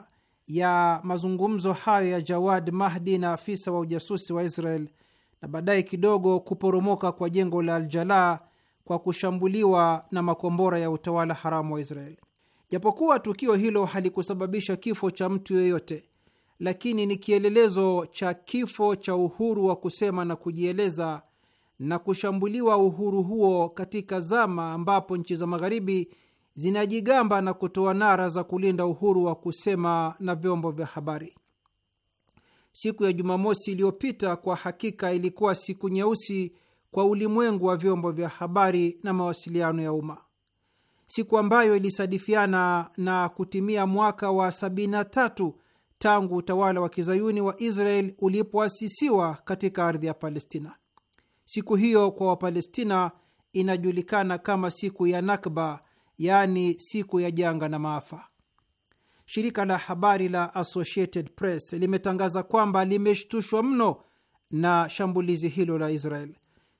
[SPEAKER 6] ya mazungumzo hayo ya Jawad Mahdi na afisa wa ujasusi wa Israel na baadaye kidogo kuporomoka kwa jengo la Aljalaa kwa kushambuliwa na makombora ya utawala haramu wa israeli Japokuwa tukio hilo halikusababisha kifo cha mtu yeyote, lakini ni kielelezo cha kifo cha uhuru wa kusema na kujieleza na kushambuliwa uhuru huo katika zama ambapo nchi za Magharibi zinajigamba na kutoa nara za kulinda uhuru wa kusema na vyombo vya habari. Siku ya Jumamosi iliyopita kwa hakika ilikuwa siku nyeusi kwa ulimwengu wa vyombo vya habari na mawasiliano ya umma siku ambayo ilisadifiana na kutimia mwaka wa 73 tangu utawala wa kizayuni wa Israel ulipoasisiwa katika ardhi ya Palestina. Siku hiyo kwa Wapalestina inajulikana kama siku ya Nakba, yaani siku ya janga na maafa. Shirika la habari la Associated Press limetangaza kwamba limeshtushwa mno na shambulizi hilo la Israel.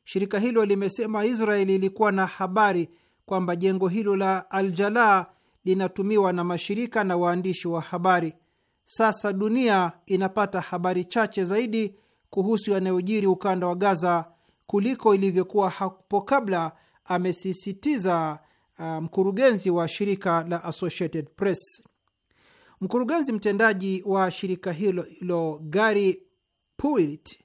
[SPEAKER 6] Shirika hilo limesema Israel ilikuwa na habari kwamba jengo hilo la Aljalaa linatumiwa na mashirika na waandishi wa habari. Sasa dunia inapata habari chache zaidi kuhusu yanayojiri ukanda wa Gaza kuliko ilivyokuwa hapo kabla, amesisitiza uh, mkurugenzi um, wa shirika la Associated Press. Mkurugenzi mtendaji wa shirika hilo hilo Gary Puilt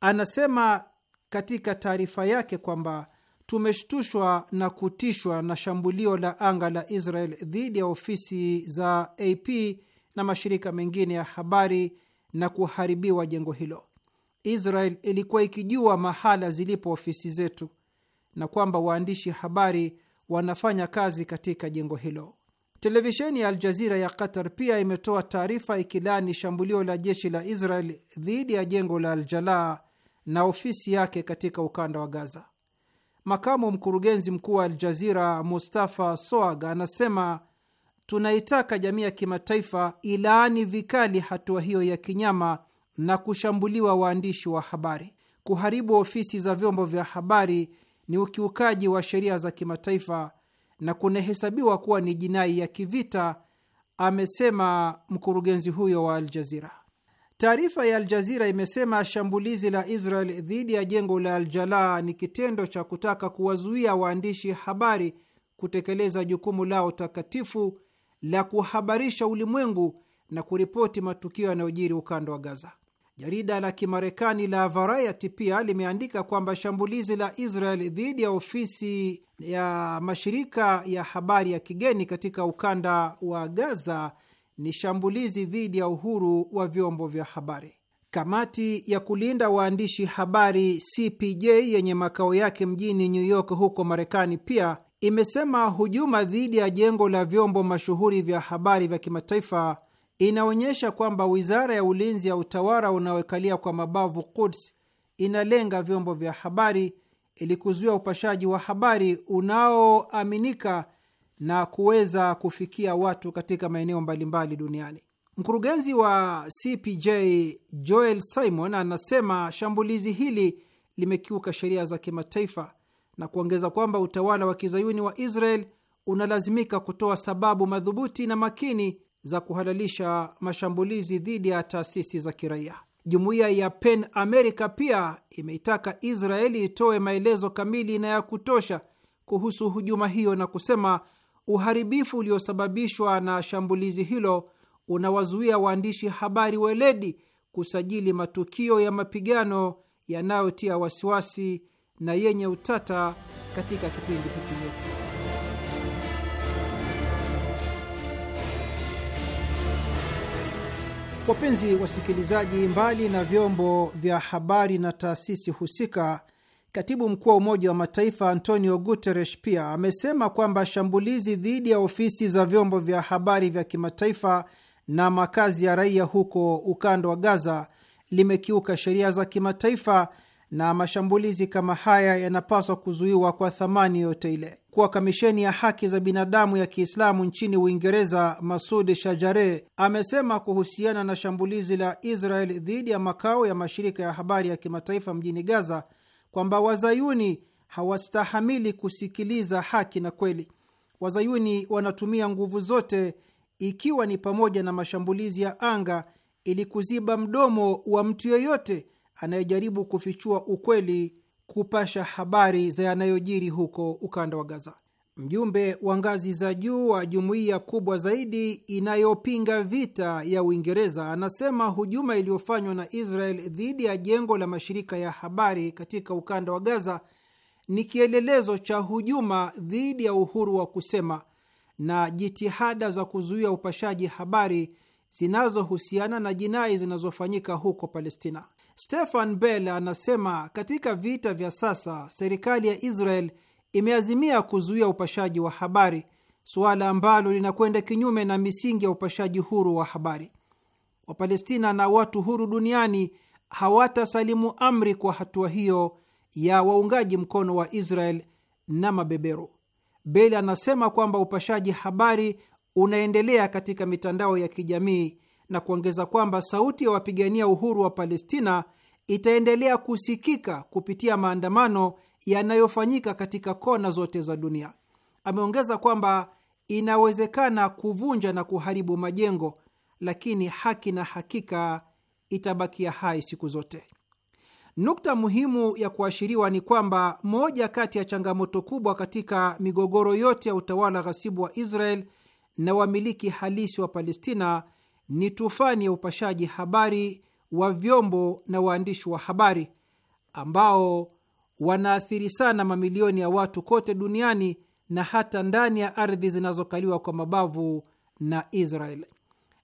[SPEAKER 6] anasema katika taarifa yake kwamba tumeshtushwa na kutishwa na shambulio la anga la Israel dhidi ya ofisi za AP na mashirika mengine ya habari na kuharibiwa jengo hilo. Israel ilikuwa ikijua mahala zilipo ofisi zetu na kwamba waandishi habari wanafanya kazi katika jengo hilo. Televisheni ya Aljazira ya Qatar pia imetoa taarifa ikilaani shambulio la jeshi la Israel dhidi ya jengo la Aljalaa na ofisi yake katika ukanda wa Gaza. Makamu mkurugenzi mkuu wa Aljazira Mustafa Soag anasema tunaitaka jamii ya kimataifa ilaani vikali hatua hiyo ya kinyama na kushambuliwa waandishi wa habari. Kuharibu ofisi za vyombo vya habari ni ukiukaji wa sheria za kimataifa na kunahesabiwa kuwa ni jinai ya kivita, amesema mkurugenzi huyo wa Aljazira. Taarifa ya Aljazira imesema shambulizi la Israel dhidi ya jengo la Aljalaa ni kitendo cha kutaka kuwazuia waandishi habari kutekeleza jukumu lao takatifu la kuhabarisha ulimwengu na kuripoti matukio yanayojiri ukanda wa Gaza. Jarida la Kimarekani la Variety pia limeandika kwamba shambulizi la Israel dhidi ya ofisi ya mashirika ya habari ya kigeni katika ukanda wa Gaza ni shambulizi dhidi ya uhuru wa vyombo vya habari. Kamati ya kulinda waandishi habari CPJ yenye makao yake mjini New York huko Marekani pia imesema hujuma dhidi ya jengo la vyombo mashuhuri vya habari vya kimataifa inaonyesha kwamba wizara ya ulinzi ya utawala unaoekalia kwa mabavu Quds inalenga vyombo vya habari ili kuzuia upashaji wa habari unaoaminika na kuweza kufikia watu katika maeneo mbalimbali duniani. Mkurugenzi wa CPJ Joel Simon anasema shambulizi hili limekiuka sheria za kimataifa na kuongeza kwamba utawala wa kizayuni wa Israel unalazimika kutoa sababu madhubuti na makini za kuhalalisha mashambulizi dhidi ya taasisi za kiraia. Jumuiya ya PEN America pia imeitaka Israeli itoe maelezo kamili na ya kutosha kuhusu hujuma hiyo na kusema uharibifu uliosababishwa na shambulizi hilo unawazuia waandishi habari weledi kusajili matukio ya mapigano yanayotia wasiwasi na yenye utata katika kipindi hiki nyeti. Wapenzi wasikilizaji, mbali na vyombo vya habari na taasisi husika Katibu mkuu wa Umoja wa Mataifa Antonio Guterres pia amesema kwamba shambulizi dhidi ya ofisi za vyombo vya habari vya kimataifa na makazi ya raia huko ukanda wa Gaza limekiuka sheria za kimataifa na mashambulizi kama haya yanapaswa kuzuiwa kwa thamani yoyote ile. Kuwa kamisheni ya haki za binadamu ya Kiislamu nchini Uingereza, Masud Shajare amesema kuhusiana na shambulizi la Israel dhidi ya makao ya mashirika ya habari ya kimataifa mjini Gaza kwamba wazayuni hawastahamili kusikiliza haki na kweli. Wazayuni wanatumia nguvu zote, ikiwa ni pamoja na mashambulizi ya anga, ili kuziba mdomo wa mtu yeyote anayejaribu kufichua ukweli, kupasha habari za yanayojiri huko ukanda wa Gaza mjumbe wa ngazi za juu wa jumuiya kubwa zaidi inayopinga vita ya Uingereza anasema hujuma iliyofanywa na Israel dhidi ya jengo la mashirika ya habari katika ukanda wa Gaza ni kielelezo cha hujuma dhidi ya uhuru wa kusema na jitihada za kuzuia upashaji habari zinazohusiana na jinai zinazofanyika huko Palestina. Stefan Bell anasema katika vita vya sasa serikali ya Israel imeazimia kuzuia upashaji wa habari, suala ambalo linakwenda kinyume na misingi ya upashaji huru wa habari. Wapalestina na watu huru duniani hawatasalimu amri kwa hatua hiyo ya waungaji mkono wa Israel na mabeberu. bel anasema kwamba upashaji habari unaendelea katika mitandao ya kijamii na kuongeza kwamba sauti ya wapigania uhuru wa Palestina itaendelea kusikika kupitia maandamano yanayofanyika katika kona zote za dunia. Ameongeza kwamba inawezekana kuvunja na kuharibu majengo, lakini haki na hakika itabakia hai siku zote. Nukta muhimu ya kuashiriwa ni kwamba moja kati ya changamoto kubwa katika migogoro yote ya utawala ghasibu wa Israel na wamiliki halisi wa Palestina ni tufani ya upashaji habari wa vyombo na waandishi wa habari ambao wanaathiri sana mamilioni ya watu kote duniani na hata ndani ya ardhi zinazokaliwa kwa mabavu na Israel,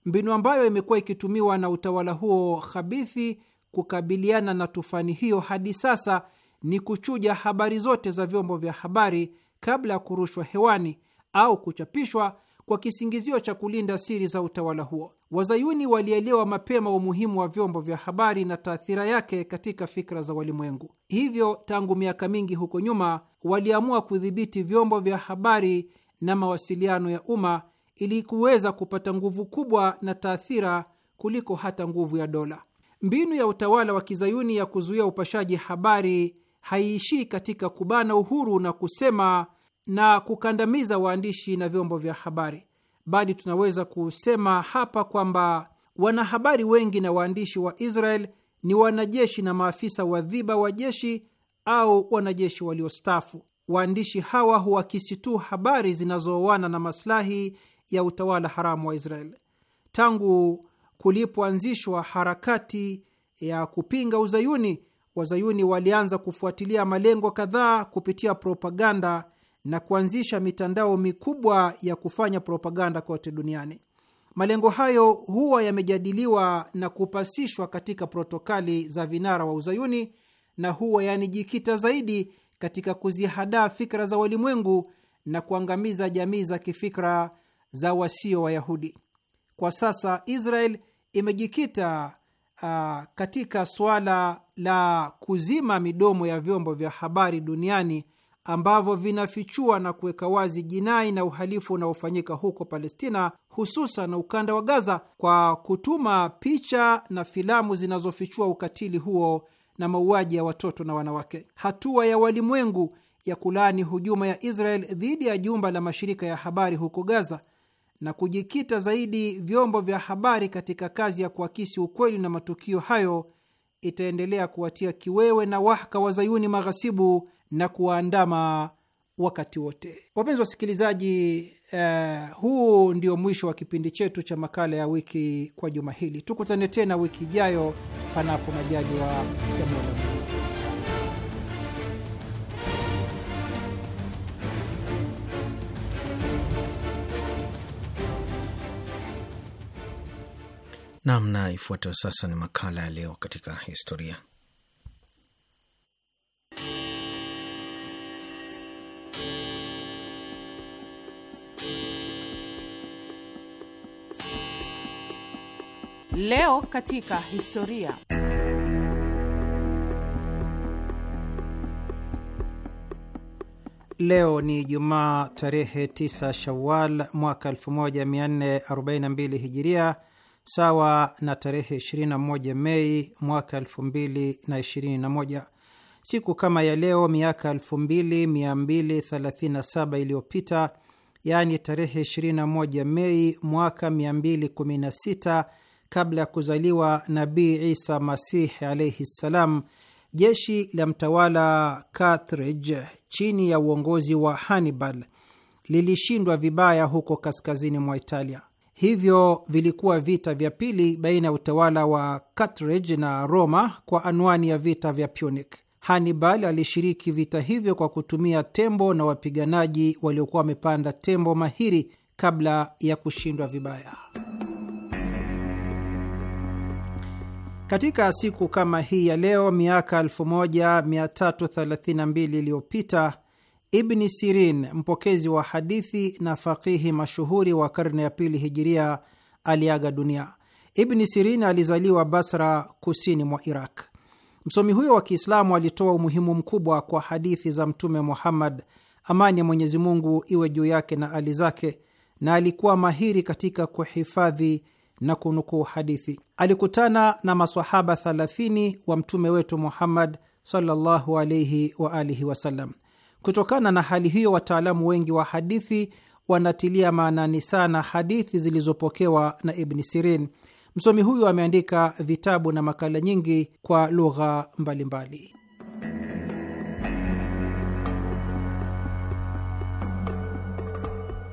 [SPEAKER 6] mbinu ambayo imekuwa ikitumiwa na utawala huo khabithi kukabiliana na tufani hiyo hadi sasa ni kuchuja habari zote za vyombo vya habari kabla ya kurushwa hewani au kuchapishwa kwa kisingizio cha kulinda siri za utawala huo. Wazayuni walielewa mapema umuhimu wa vyombo vya habari na taathira yake katika fikra za walimwengu. Hivyo tangu miaka mingi huko nyuma waliamua kudhibiti vyombo vya habari na mawasiliano ya umma ili kuweza kupata nguvu kubwa na taathira kuliko hata nguvu ya dola. Mbinu ya utawala wa kizayuni ya kuzuia upashaji habari haiishii katika kubana uhuru na kusema na kukandamiza waandishi na vyombo vya habari, bali tunaweza kusema hapa kwamba wanahabari wengi na waandishi wa Israel ni wanajeshi na maafisa wa dhiba wa jeshi au wanajeshi waliostafu. Waandishi hawa huakisi tu habari zinazooana na maslahi ya utawala haramu wa Israel. Tangu kulipoanzishwa harakati ya kupinga uzayuni, wazayuni walianza kufuatilia malengo kadhaa kupitia propaganda na kuanzisha mitandao mikubwa ya kufanya propaganda kote duniani. Malengo hayo huwa yamejadiliwa na kupasishwa katika protokali za vinara wa Uzayuni na huwa yanijikita zaidi katika kuzihadaa fikra za walimwengu na kuangamiza jamii za kifikra za wasio Wayahudi. Kwa sasa Israel imejikita uh, katika suala la kuzima midomo ya vyombo vya habari duniani ambavyo vinafichua na kuweka wazi jinai na uhalifu unaofanyika huko Palestina, hususan ukanda wa Gaza, kwa kutuma picha na filamu zinazofichua ukatili huo na mauaji ya watoto na wanawake. Hatua ya walimwengu ya kulaani hujuma ya Israel dhidi ya jumba la mashirika ya habari huko Gaza na kujikita zaidi vyombo vya habari katika kazi ya kuakisi ukweli na matukio hayo itaendelea kuwatia kiwewe na wahaka wazayuni maghasibu na kuwaandama wakati wote. Wapenzi wasikilizaji, eh, huu ndio mwisho wa kipindi chetu cha makala ya wiki kwa juma hili. Tukutane tena wiki ijayo, panapo majaliwa ya Mola.
[SPEAKER 2] Namna ifuatayo sasa ni makala ya leo katika historia.
[SPEAKER 3] Leo katika historia.
[SPEAKER 6] Leo ni Jumaa tarehe 9 Shawal mwaka 1442 Hijiria, sawa na tarehe 21 Mei mwaka 2021. Siku kama ya leo miaka 2237 iliyopita, yaani tarehe 21 Mei mwaka 216 kabla ya kuzaliwa Nabii Isa Masih alaihi ssalam, jeshi la mtawala Carthage chini ya uongozi wa Hannibal lilishindwa vibaya huko kaskazini mwa Italia. Hivyo vilikuwa vita vya pili baina ya utawala wa Carthage na Roma kwa anwani ya vita vya Punic. Hannibal alishiriki vita hivyo kwa kutumia tembo na wapiganaji waliokuwa wamepanda tembo mahiri kabla ya kushindwa vibaya. Katika siku kama hii ya leo miaka 1332 iliyopita Ibni Sirin, mpokezi wa hadithi na fakihi mashuhuri wa karne ya pili hijiria, aliaga dunia. Ibni Sirin alizaliwa Basra, kusini mwa Iraq. Msomi huyo wa Kiislamu alitoa umuhimu mkubwa kwa hadithi za Mtume Muhammad, amani ya Mwenyezi Mungu iwe juu yake na ali zake, na alikuwa mahiri katika kuhifadhi na kunukuu hadithi. Alikutana na masahaba 30 wa mtume wetu Muhammad sallallahu alayhi wa alihi wasallam. Kutokana na hali hiyo, wataalamu wengi wa hadithi wanatilia maanani sana hadithi zilizopokewa na Ibni Sirin. Msomi huyu ameandika vitabu na makala nyingi kwa lugha mbalimbali.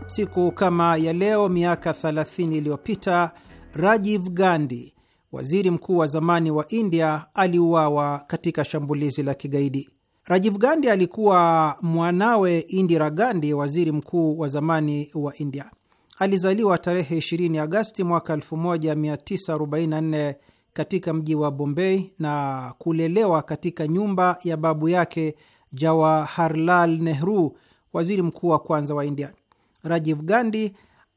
[SPEAKER 6] Siku kama ya leo miaka 30 iliyopita Rajiv Gandhi, waziri mkuu wa zamani wa India, aliuawa katika shambulizi la kigaidi. Rajiv Gandhi alikuwa mwanawe Indira Gandhi, waziri mkuu wa zamani wa India. Alizaliwa tarehe 20 Agasti mwaka 1944 katika mji wa Bombay na kulelewa katika nyumba ya babu yake Jawaharlal Nehru, waziri mkuu wa kwanza wa India. Rajiv Gandhi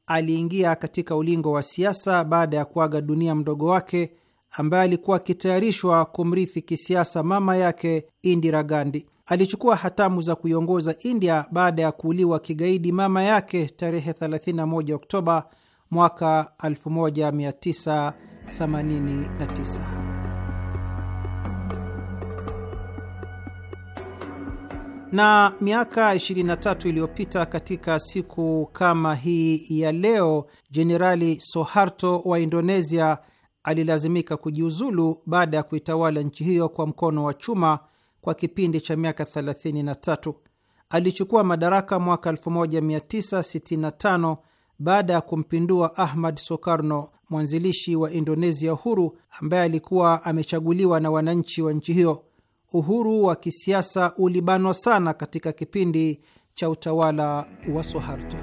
[SPEAKER 6] aliingia katika ulingo wa siasa baada ya kuaga dunia mdogo wake ambaye alikuwa akitayarishwa kumrithi kisiasa mama yake Indira Gandhi. Alichukua hatamu za kuiongoza India baada ya kuuliwa kigaidi mama yake tarehe 31 Oktoba mwaka 1989. na miaka 23 iliyopita katika siku kama hii ya leo, Jenerali Soharto wa Indonesia alilazimika kujiuzulu baada ya kuitawala nchi hiyo kwa mkono wa chuma kwa kipindi cha miaka 33. Alichukua madaraka mwaka 1965 baada ya kumpindua Ahmad sokarno mwanzilishi wa Indonesia huru ambaye alikuwa amechaguliwa na wananchi wa nchi hiyo uhuru wa kisiasa ulibanwa sana katika kipindi cha utawala wa Soharto.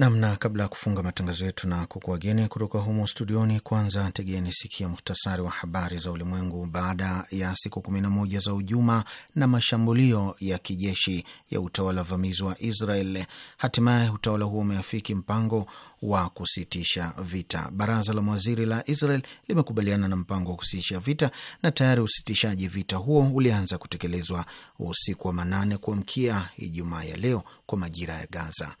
[SPEAKER 2] namna. Kabla ya kufunga matangazo yetu na kukuageni kutoka humo studioni, kwanza tegeni sikia muhtasari wa habari za ulimwengu. Baada ya siku kumi na moja za ujuma na mashambulio ya kijeshi ya utawala vamizi wa Israel, hatimaye utawala huo umeafiki mpango wa kusitisha vita. Baraza la mawaziri la Israel limekubaliana na mpango wa kusitisha vita, na tayari usitishaji vita huo ulianza kutekelezwa usiku wa manane kuamkia Ijumaa ya leo kwa majira ya Gaza.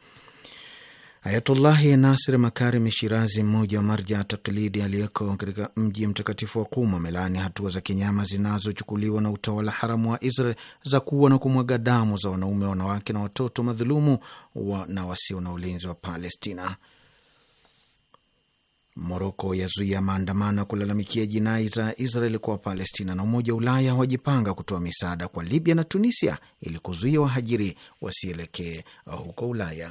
[SPEAKER 2] Ayatullahi Nasir Makarim Shirazi, mmoja wa marja taklidi aliyeko katika mji mtakatifu wa Kumu, amelaani hatua za kinyama zinazochukuliwa na utawala haramu wa Israel za kuwa na kumwaga damu za wanaume, wanawake na watoto madhulumu wa na wasio na ulinzi wa Palestina. Moroko yazuia maandamano ya kulalamikia jinai za Israel kwa Palestina, na Umoja wa Ulaya wajipanga kutoa misaada kwa Libya na Tunisia ili kuzuia wahajiri wasielekee huko Ulaya.